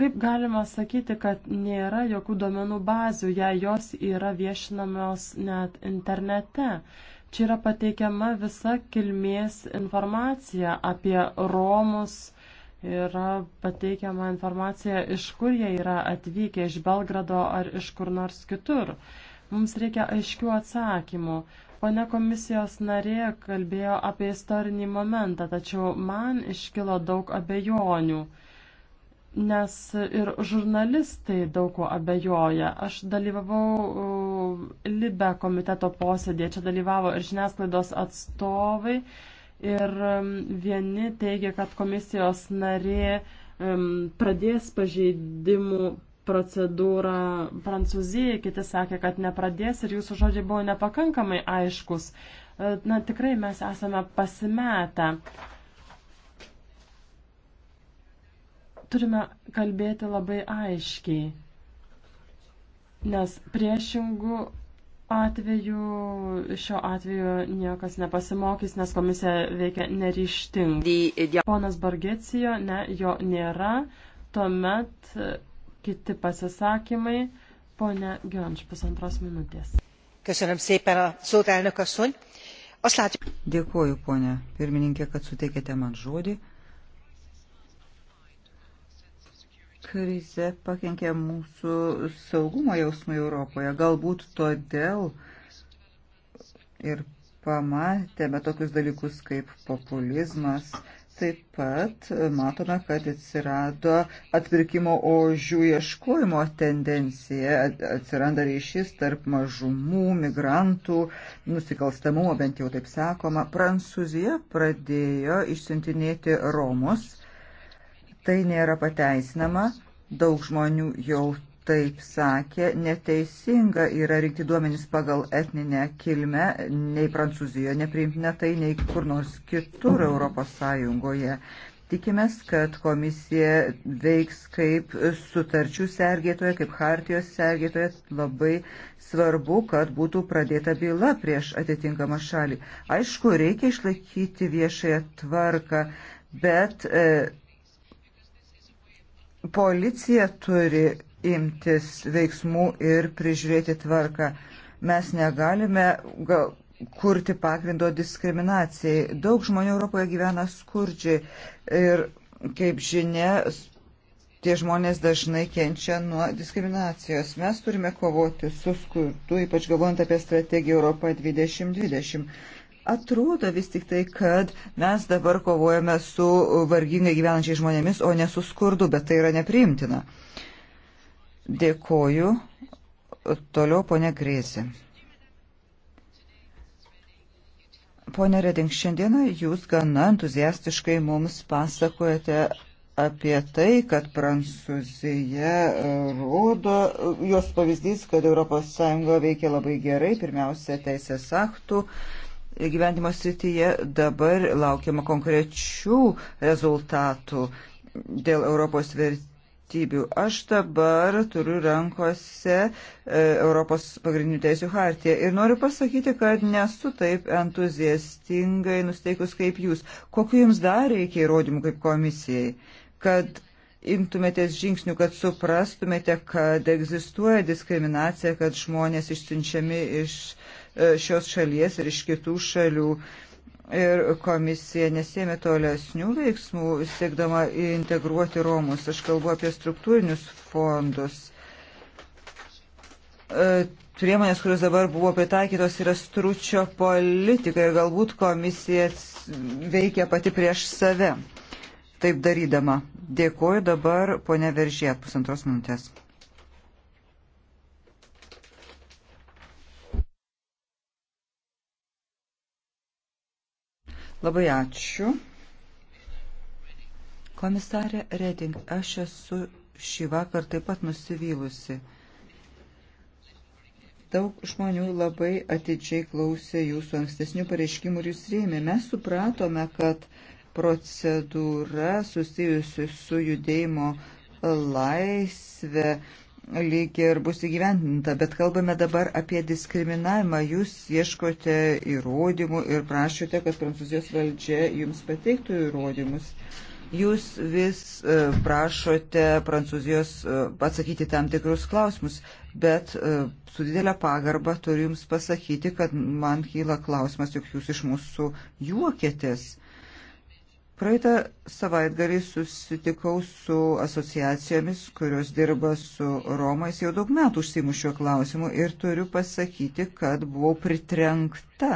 Kaip galima sakyti, kad nėra jokių duomenų bazių, jei jos yra viešinamos net internete? Čia yra pateikiama visa kilmės informacija apie Romus, yra pateikiama informacija, iš kur jie yra atvykę, iš Belgrado ar iš kur nors kitur. Mums reikia aiškių atsakymų. Pane komisijos narė kalbėjo apie istorinį momentą, tačiau man iškilo daug abejonių nes ir žurnalistai daug ko abejoja. Aš dalyvavau uh, Libe komiteto posėdėje, čia dalyvavo ir žiniasklaidos atstovai ir um, vieni teigia, kad komisijos narė um, pradės pažeidimų procedūrą Prancūzijai, kiti sakė, kad nepradės ir jūsų žodžiai buvo nepakankamai aiškus. Uh, na, tikrai mes esame pasimetę. turime kalbėti labai aiškiai, nes priešingų atveju šio atveju niekas nepasimokys, nes komisija veikia neryštingai. Ponas Bargecijo, ne, jo nėra, tuomet kiti pasisakymai. Ponia Gönč, pusantros minutės. Köszönöm szépen a szót, elnök asszony. Azt látjuk... Dėkuoju, ponia pirmininkė, kad suteikėte man žodį. krize pakenkė mūsų saugumo jausmui Europoje. Galbūt todėl ir pamatėme tokius dalykus kaip populizmas. Taip pat matome, kad atsirado atpirkimo ožių ieškojimo tendencija, atsiranda ryšys tarp mažumų, migrantų, nusikalstamumo, bent jau taip sakoma. Prancūzija pradėjo išsintinėti Romus Tai nėra pateisinama, daug žmonių jau taip sakė, neteisinga yra rinkti duomenys pagal etninę kilmę, nei Prancūzijoje nepriimtina tai, nei kur nors kitur Europos Sąjungoje. Tikimės, kad komisija veiks kaip sutarčių sergėtoje, kaip hartijos sergėtoje. Labai svarbu, kad būtų pradėta byla prieš atitinkamą šalį. Aišku, reikia išlaikyti viešąją tvarką, bet. E, policija turi imtis veiksmų ir prižiūrėti tvarką. Mes negalime gal, kurti pagrindo diskriminacijai. Daug žmonių Europoje gyvena skurdžiai ir, kaip žinia, tie žmonės dažnai kenčia nuo diskriminacijos. Mes turime kovoti su skurdu, ypač galvojant apie strategiją Europą 2020. Atrodo vis tik tai, kad mes dabar kovojame su vargingai gyvenančiais žmonėmis, o ne su skurdu, bet tai yra nepriimtina. Dėkoju. Toliau ponia Grėsi. Pone Reding, šiandieną jūs gana entuziastiškai mums pasakojate apie tai, kad Prancūzija e, rodo, e, jos pavyzdys, kad ES veikia labai gerai, pirmiausia, teisės aktų. Uh, gyvendimo srityje dabar laukiama konkrečių rezultatų dėl Europos vertybių. Aš dabar turiu rankose e, Europos pagrindinių teisų hartiją ir noriu pasakyti, kad nesu taip entuziastingai nusteikus kaip jūs. Kokiu jums dar reikia įrodymų kaip komisijai, kad imtumėtės žingsnių, kad suprastumėte, kad egzistuoja diskriminacija, kad žmonės išsiunčiami iš E, šios šalies ir iš kitų šalių. Ir komisija nesėmė tolesnių veiksmų, siekdama integruoti Romus. Aš kalbu apie struktūrinius fondus. E, priemonės, kurios dabar buvo pritaikytos, yra stručio politika ir galbūt komisija veikia pati prieš save. Taip darydama. Dėkuoju dabar, ponia Veržė, pusantros minutės. Labai ačiū. Komisarė Reding, aš esu šį vakar taip pat nusivylusi. Daug žmonių labai atidžiai klausė jūsų ankstesnių pareiškimų ir jūs rėmė. Mes supratome, kad procedūra susijusi su judėjimo laisvė lyg ir bus įgyvendinta, bet kalbame dabar apie diskriminavimą. Jūs ieškote įrodymų ir prašote, kad prancūzijos valdžia jums pateiktų įrodymus. Jūs vis e, prašote prancūzijos e, atsakyti tam tikrus klausimus, bet e, su didelė pagarba turiu jums pasakyti, kad man kyla klausimas, juk jūs iš mūsų juokėtės Praeitą savaitgalį susitikau su asociacijomis, kurios dirba su Romais. Jau daug metų užsimu šiuo klausimu ir turiu pasakyti, kad buvau pritrenkta.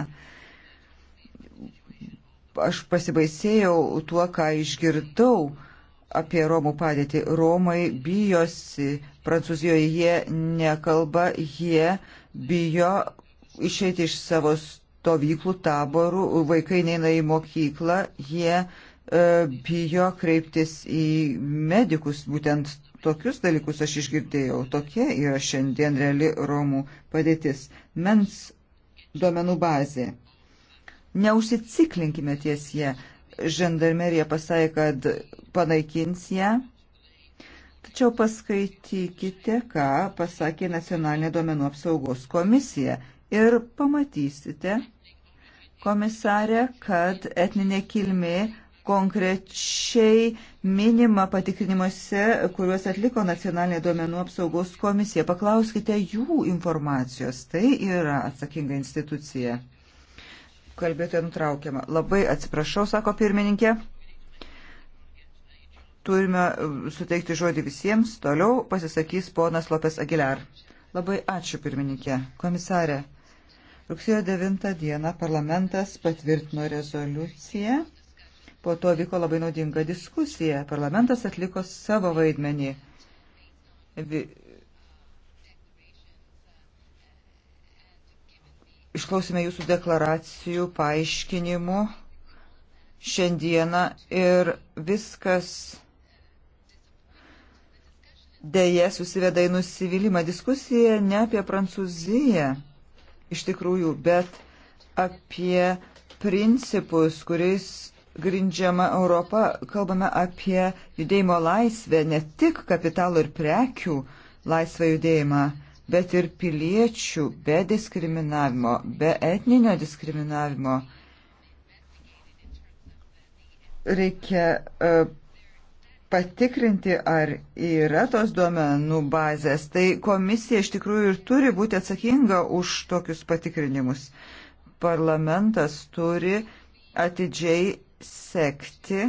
Aš pasibaisėjau tuo, ką išgirdau apie Romų padėtį. Romai bijosi, Prancūzijoje jie nekalba, jie bijo išeiti iš savo stovyklų, taborų, vaikai neina į mokyklą, jie E, bijo kreiptis į medikus, būtent tokius dalykus aš išgirdėjau. Tokia yra šiandien reali Romų padėtis. Mens duomenų bazė. Neužsiciklinkime ties ją. Žandarmerija pasakė, kad panaikins ją. Tačiau paskaitykite, ką pasakė Nacionalinė duomenų apsaugos komisija ir pamatysite, komisarė, kad etninė kilmė konkrečiai minima patikrinimuose, kuriuos atliko nacionalinė duomenų apsaugos komisija. Paklauskite jų informacijos. Tai yra atsakinga institucija. Kalbėtoja nutraukiama. Labai atsiprašau, sako pirmininkė. Turime e, suteikti žodį visiems. Toliau pasisakys ponas Lopes Aguilar. Labai ačiū, pirmininkė. Komisarė. Rugsėjo 9 dieną parlamentas patvirtino rezoliuciją Po to vyko labai naudinga diskusija. Parlamentas atliko savo vaidmenį. Vi... Išklausime jūsų deklaracijų, paaiškinimų šiandieną ir viskas dėje susiveda į nusivylimą. Diskusija ne apie Prancūziją iš tikrųjų, bet apie principus, kuris grindžiama Europa, kalbame apie judėjimo laisvę, ne tik kapitalo ir prekių laisvą judėjimą, bet ir piliečių be diskriminavimo, be etninio diskriminavimo. Reikia uh, patikrinti, ar yra tos duomenų bazės. Tai komisija iš tikrųjų ir turi būti atsakinga už tokius patikrinimus. Parlamentas turi atidžiai sekti,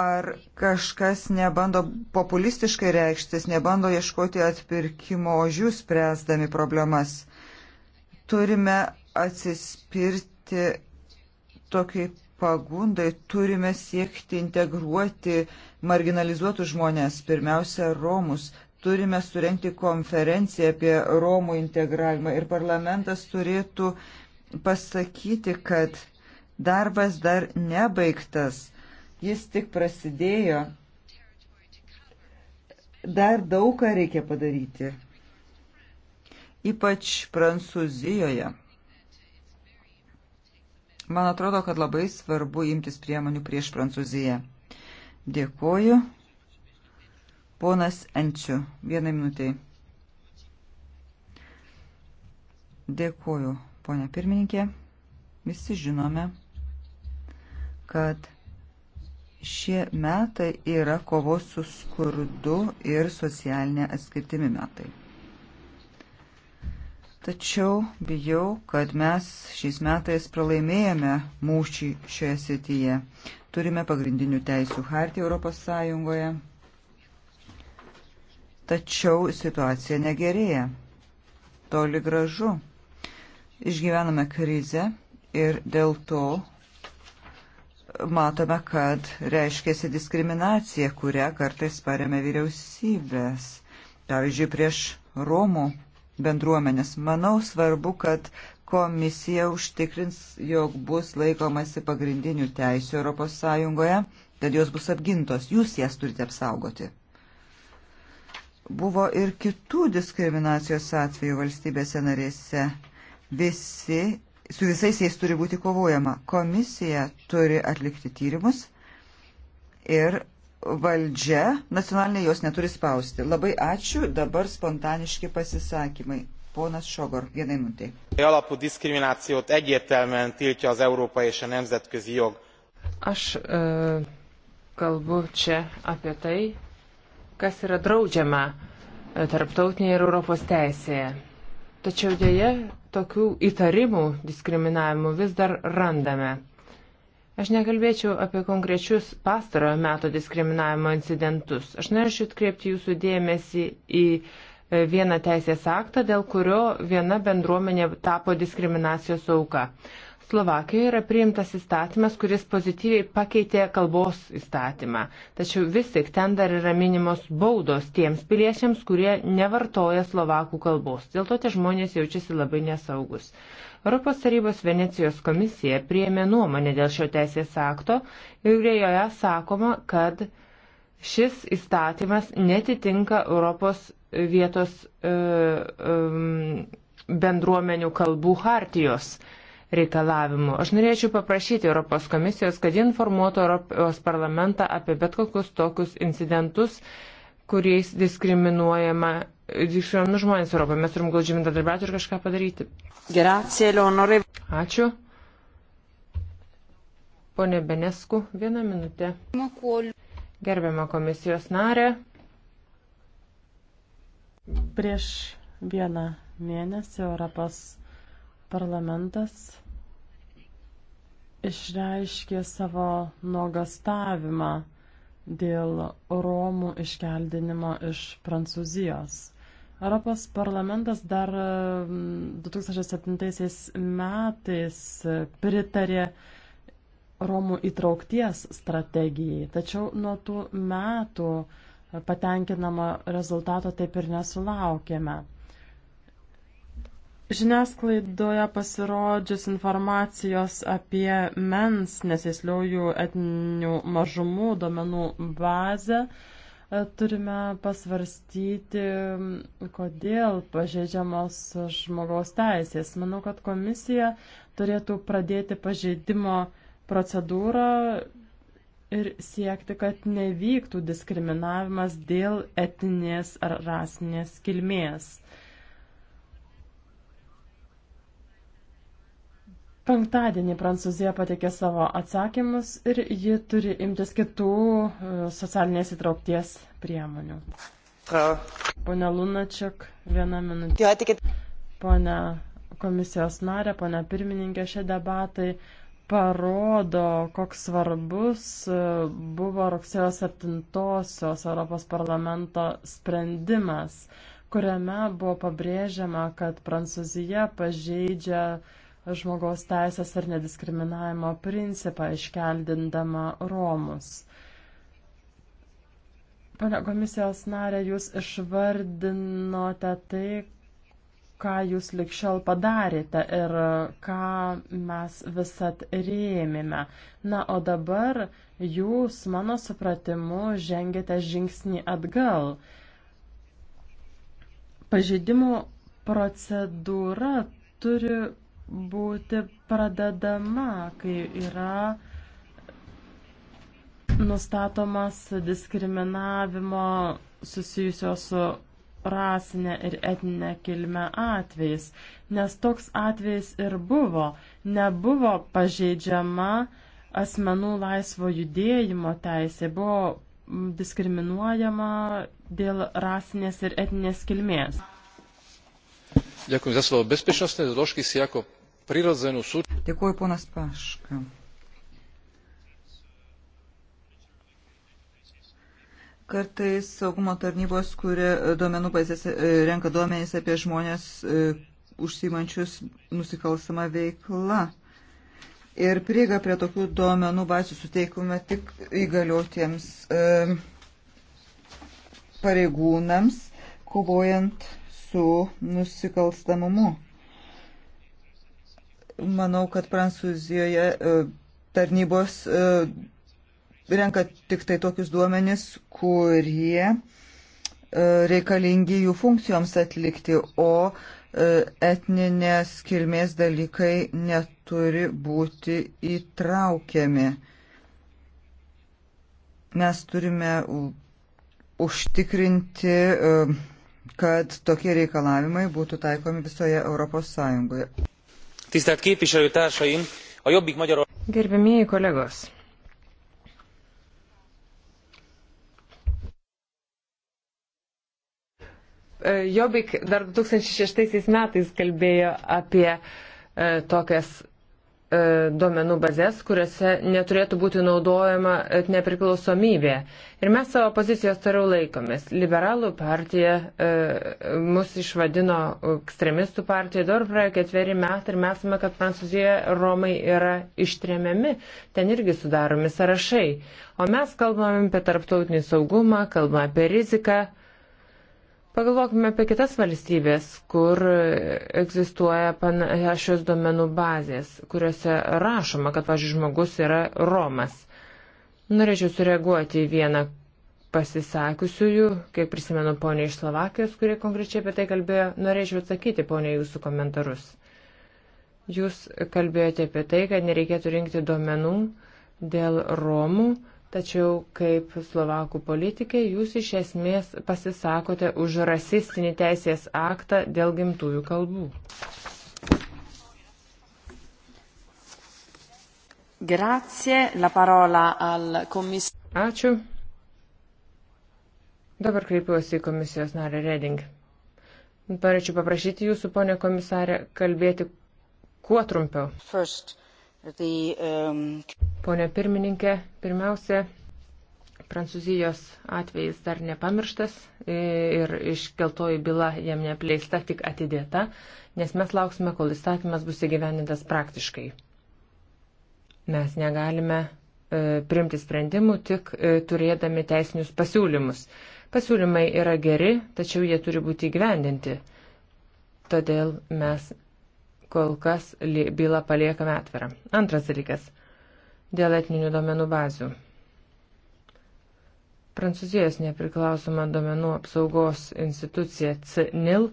ar kažkas nebando populistiškai reikštis, nebando ieškoti atpirkimo ožių spręsdami problemas. Turime atsispirti tokiai pagundai, turime siekti integruoti marginalizuotus žmonės, pirmiausia, Romus. Turime surenkti konferenciją apie Romų integravimą ir parlamentas turėtų uh, pasakyti, kad darbas dar nebaigtas, jis tik prasidėjo. Dar daug ką reikia padaryti, ypač Prancūzijoje. Man atrodo, kad labai svarbu imtis priemonių prieš Prancūziją. Dėkuoju. Ponas Enčiu, vienai minutiai. Dėkuoju. Pone pirmininkė, visi žinome, kad šie metai yra kovos su skurdu ir socialinė atskirtimi metai. Tačiau bijau, kad mes šiais metais pralaimėjome mūšį šioje srityje. Turime pagrindinių teisų hartį Europos Sąjungoje. Tačiau situacija negerėja. Toli gražu. Išgyvename krizę ir dėl to matome, kad reiškėsi diskriminacija, kurią kartais paremia vyriausybės. Pavyzdžiui, prieš Romų bendruomenės. Manau svarbu, kad komisija užtikrins, jog bus laikomasi pagrindinių teisų ES, tad jos bus apgintos. Jūs jas turite apsaugoti. Buvo ir kitų diskriminacijos atvejų valstybėse narėse Visi, su visais jais turi būti kovojama. Komisija turi atlikti tyrimus ir valdžia nacionalinė jos neturi spausti. Labai ačiū, dabar spontaniški pasisakymai. Ponas Sogor, vienai minutė. Alapú diszkriminációt egyértelműen tiltja az európai és a nemzetközi jog. Aš e, kalbu čia apie tai, kas yra draudžiama e, tarptautinėje ir Europos teisėje. Tačiau dėje tokių įtarimų diskriminavimų vis dar randame. Aš nekalbėčiau apie konkrečius pastarojo meto diskriminavimo incidentus. Aš norėčiau atkreipti jūsų dėmesį į e, vieną teisės aktą, dėl kurio viena bendruomenė tapo diskriminacijos auka. Slovakijoje yra priimtas įstatymas, kuris pozityviai pakeitė kalbos įstatymą. Tačiau vis tik ten dar yra minimos baudos tiems piliečiams, kurie nevartoja slovakų kalbos. Dėl to tie žmonės jaučiasi labai nesaugus. Europos tarybos Venecijos komisija priėmė nuomonę dėl šio teisės akto ir joje sakoma, kad šis įstatymas netitinka Europos vietos e, e, bendruomenių kalbų hartijos reikalavimų. Aš norėčiau paprašyti Europos komisijos, kad ji informuotų Europos parlamentą apie bet kokius tokius incidentus, kuriais diskriminuojama. Diskriminuojami žmonės Europoje. Mes turim glaudžiai bendradarbiauti ir kažką padaryti. Grazie, Leonore. Ačiū. Pone Benesku, vieną minutę. Gerbiama komisijos narė. Prieš vieną mėnesį Europos parlamentas išreiškė savo nuogastavimą dėl Romų iškeldinimo iš Prancūzijos. Europos parlamentas dar 2007 mm, metais pritarė Romų įtraukties strategijai, tačiau nuo tų metų patenkinamo rezultato taip ir nesulaukėme. Žiniasklaidoje pasirodžius informacijos apie mens nesėsliųjų etninių mažumų domenų bazę, e, turime pasvarstyti, kodėl pažeidžiamos žmogaus teisės. Manau, kad komisija turėtų pradėti pažeidimo procedūrą ir siekti, kad nevyktų diskriminavimas dėl etinės ar rasinės kilmės. Penktadienį Prancūzija pateikė savo atsakymus ir ji turi imtis kitų e, socialinės įtraukties priemonių. Pone Lunačiuk, vieną minutę. Pone komisijos narė, pone pirmininkė, šie debatai parodo, koks svarbus e, buvo rugsėjo 7-osios Europos parlamento sprendimas, kuriame buvo pabrėžiama, kad Prancūzija pažeidžia žmogaus teisės ir nediskriminavimo principą iškeldindama Romus. Pane komisijos narė, jūs išvardinote tai, ką jūs likščiau padarėte ir ką mes visat rėmėme. Na, o dabar jūs, mano supratimu, žengėte žingsnį atgal. Pažeidimo procedūra turi būti pradedama, kai yra nustatomas diskriminavimo susijusio su rasinė ir etinė kilme atvejais, nes toks atvejis ir buvo, nebuvo pažeidžiama asmenų laisvo judėjimo teisė, buvo diskriminuojama dėl rasinės ir etinės kilmės. Ďakujem za slovo. Bezpečnostné zložky si ako prirodzenú súčasť. Dėkuoju, ponas Paška. Kartais saugumo tarnybos, kurie duomenų bazės e, renka duomenys apie žmonės e, užsimančius nusikalstamą veiklą. Ir prieiga prie tokių duomenų bazių suteikime tik įgaliotiems e, pareigūnams, kovojant su nusikalstamumu. Manau, kad Prancūzijoje e, tarnybos e, renka tik tai tokius duomenis, kurie e, reikalingi jų funkcijoms atlikti, o etninės kilmės dalykai neturi būti įtraukiami. Mes turime užtikrinti, kad tokie reikalavimai būtų taikomi visoje Europos Sąjungoje. Tisztelt képviselőtársaim, a Jobbik Magyarország... Gerbėmieji kolegos. E, Jobik dar 2006 metais kalbėjo apie e, tokias E, duomenų bazės, kuriuose neturėtų būti naudojama nepriklausomybė. Ir mes savo pozicijos toliau laikomės. Liberalų partija e, mus išvadino ekstremistų partija, dar praėjo ketveri metai ir mes matome, kad Prancūzijoje Romai yra ištremiami, ten irgi sudaromi sąrašai. O mes kalbame apie tarptautinį saugumą, kalbame apie riziką Pagalvokime apie kitas valstybės, kur egzistuoja panašios duomenų bazės, kuriuose rašoma, kad, pažiūrėjau, žmogus yra Romas. Norėčiau sureaguoti į vieną pasisakiusiųjų, kiek prisimenu ponė iš Slovakijos, kurie konkrečiai apie tai kalbėjo, norėčiau atsakyti ponė jūsų komentarus. Jūs kalbėjote apie tai, kad nereikėtų rinkti duomenų dėl Romų Tačiau kaip Slovakų politikė jūs iš esmės pasisakote už rasistinį teisės aktą dėl gimtųjų kalbų. Grazie, la parola al komis... Ačiū. Dabar kreipiuosi į komisijos narį Reding. Norėčiau paprašyti jūsų, ponė komisarė, kalbėti kuo trumpiau. First. The, tai, um... Pone pirmininkė, pirmiausia, Prancūzijos atvejis dar nepamirštas ir iškeltoji byla jam neapleista, tik atidėta, nes mes lauksime, kol įstatymas bus įgyvenintas praktiškai. Mes negalime e, priimti sprendimų tik e, turėdami teisinius pasiūlymus. Pasiūlymai yra geri, tačiau jie turi būti įgyvendinti. Todėl mes kol kas bylą paliekame atvirą. Antras dalykas - dėl etninių domenų bazių. Prancūzijos nepriklausoma domenų apsaugos institucija CNIL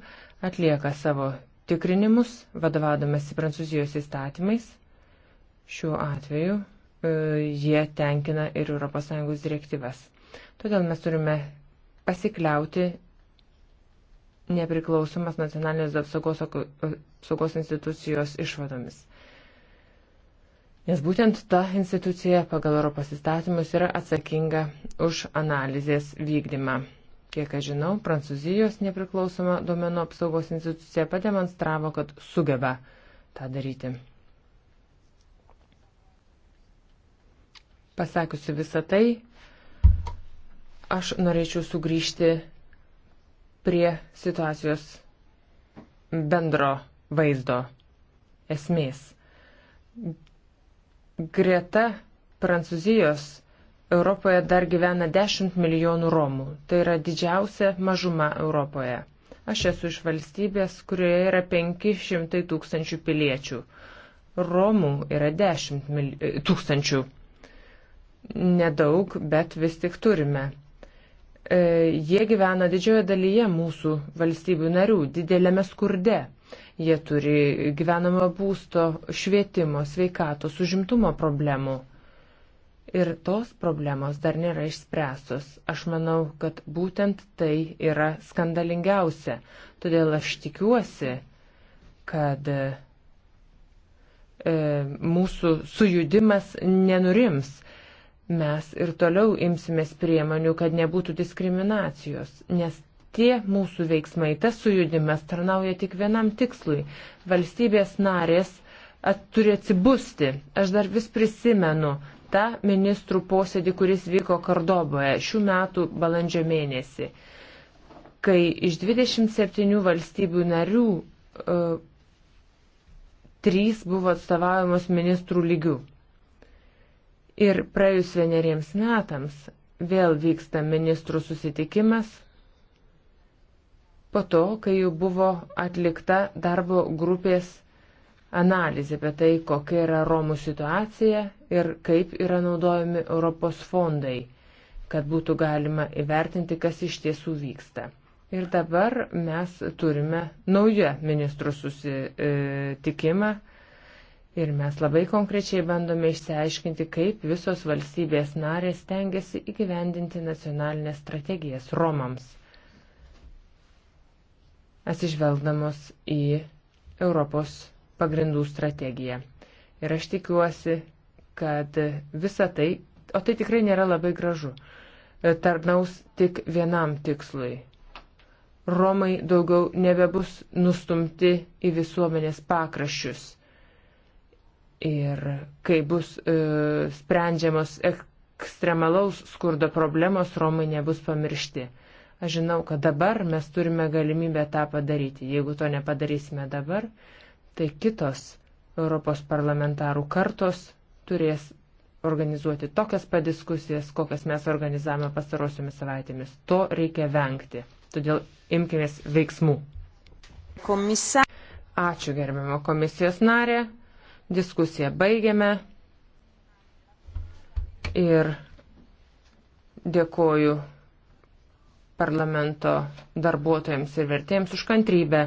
atlieka savo tikrinimus, vadovaudomasi Prancūzijos įstatymais. Šiuo atveju e, jie tenkina ir ES direktyvas. Todėl mes turime pasikliauti nepriklausomas nacionalinės apsaugos, apsaugos institucijos išvadomis. Nes būtent ta institucija pagal Europos įstatymus yra atsakinga už analizės vykdymą. Kiek aš žinau, Prancūzijos nepriklausoma duomenų apsaugos institucija pademonstravo, kad sugeba tą daryti. Pasakiusi visą tai, aš norėčiau sugrįžti prie situacijos bendro vaizdo esmės. Greta Prancūzijos Europoje dar gyvena 10 milijonų Romų. Tai yra didžiausia mažuma Europoje. Aš esu iš valstybės, kurioje yra 500 tūkstančių piliečių. Romų yra 10 mil... tūkstančių. Nedaug, bet vis tik turime. E, jie gyvena didžioje dalyje mūsų valstybių narių, didelėme skurde. Jie turi gyvenamą būsto, švietimo, sveikatos, užimtumo problemų. Ir tos problemos dar nėra išspręstos. Aš manau, kad būtent tai yra skandalingiausia. Todėl aš tikiuosi, kad e, mūsų sujudimas nenurims Mes ir toliau imsimės priemonių, kad nebūtų diskriminacijos, nes tie mūsų veiksmai, tas sujudimas tarnauja tik vienam tikslui - valstybės narės at, turi atsibusti. Aš dar vis prisimenu tą ministrų posėdį, kuris vyko Kardoboje šių metų balandžio mėnesį, kai iš 27 valstybių narių uh, trys buvo atstovaujamos ministrų lygių. Ir praėjus vieneriems metams vėl vyksta ministrų susitikimas po to, kai jau buvo atlikta darbo grupės analizė apie tai, kokia yra Romų situacija ir kaip yra naudojami Europos fondai, kad būtų galima įvertinti, kas iš tiesų vyksta. Ir dabar mes turime naują ministrų susitikimą. E, Ir mes labai konkrečiai bandome išsiaiškinti, kaip visos valstybės narės tengiasi įgyvendinti nacionalinės strategijas Romams, atsižvelgdamos į Europos pagrindų strategiją. Ir aš tikiuosi, kad visa tai, o tai tikrai nėra labai gražu, e, tarnaus tik vienam tikslui Romai daugiau nebebus nustumti į visuomenės pakraščius. Ir kai bus e, sprendžiamos ekstremalaus skurdo problemos, Romai nebus pamiršti. Aš žinau, kad dabar mes turime galimybę tą padaryti. Jeigu to nepadarysime dabar, tai kitos Europos parlamentarų kartos turės organizuoti tokias padiskusijas, kokias mes organizavome pastarosiomis savaitėmis. To reikia vengti. Todėl imkimės veiksmų. Komisa. Ačiū gerbiamo komisijos narė. Diskusiją baigiame ir dėkoju parlamento darbuotojams ir vertėjams už kantrybę.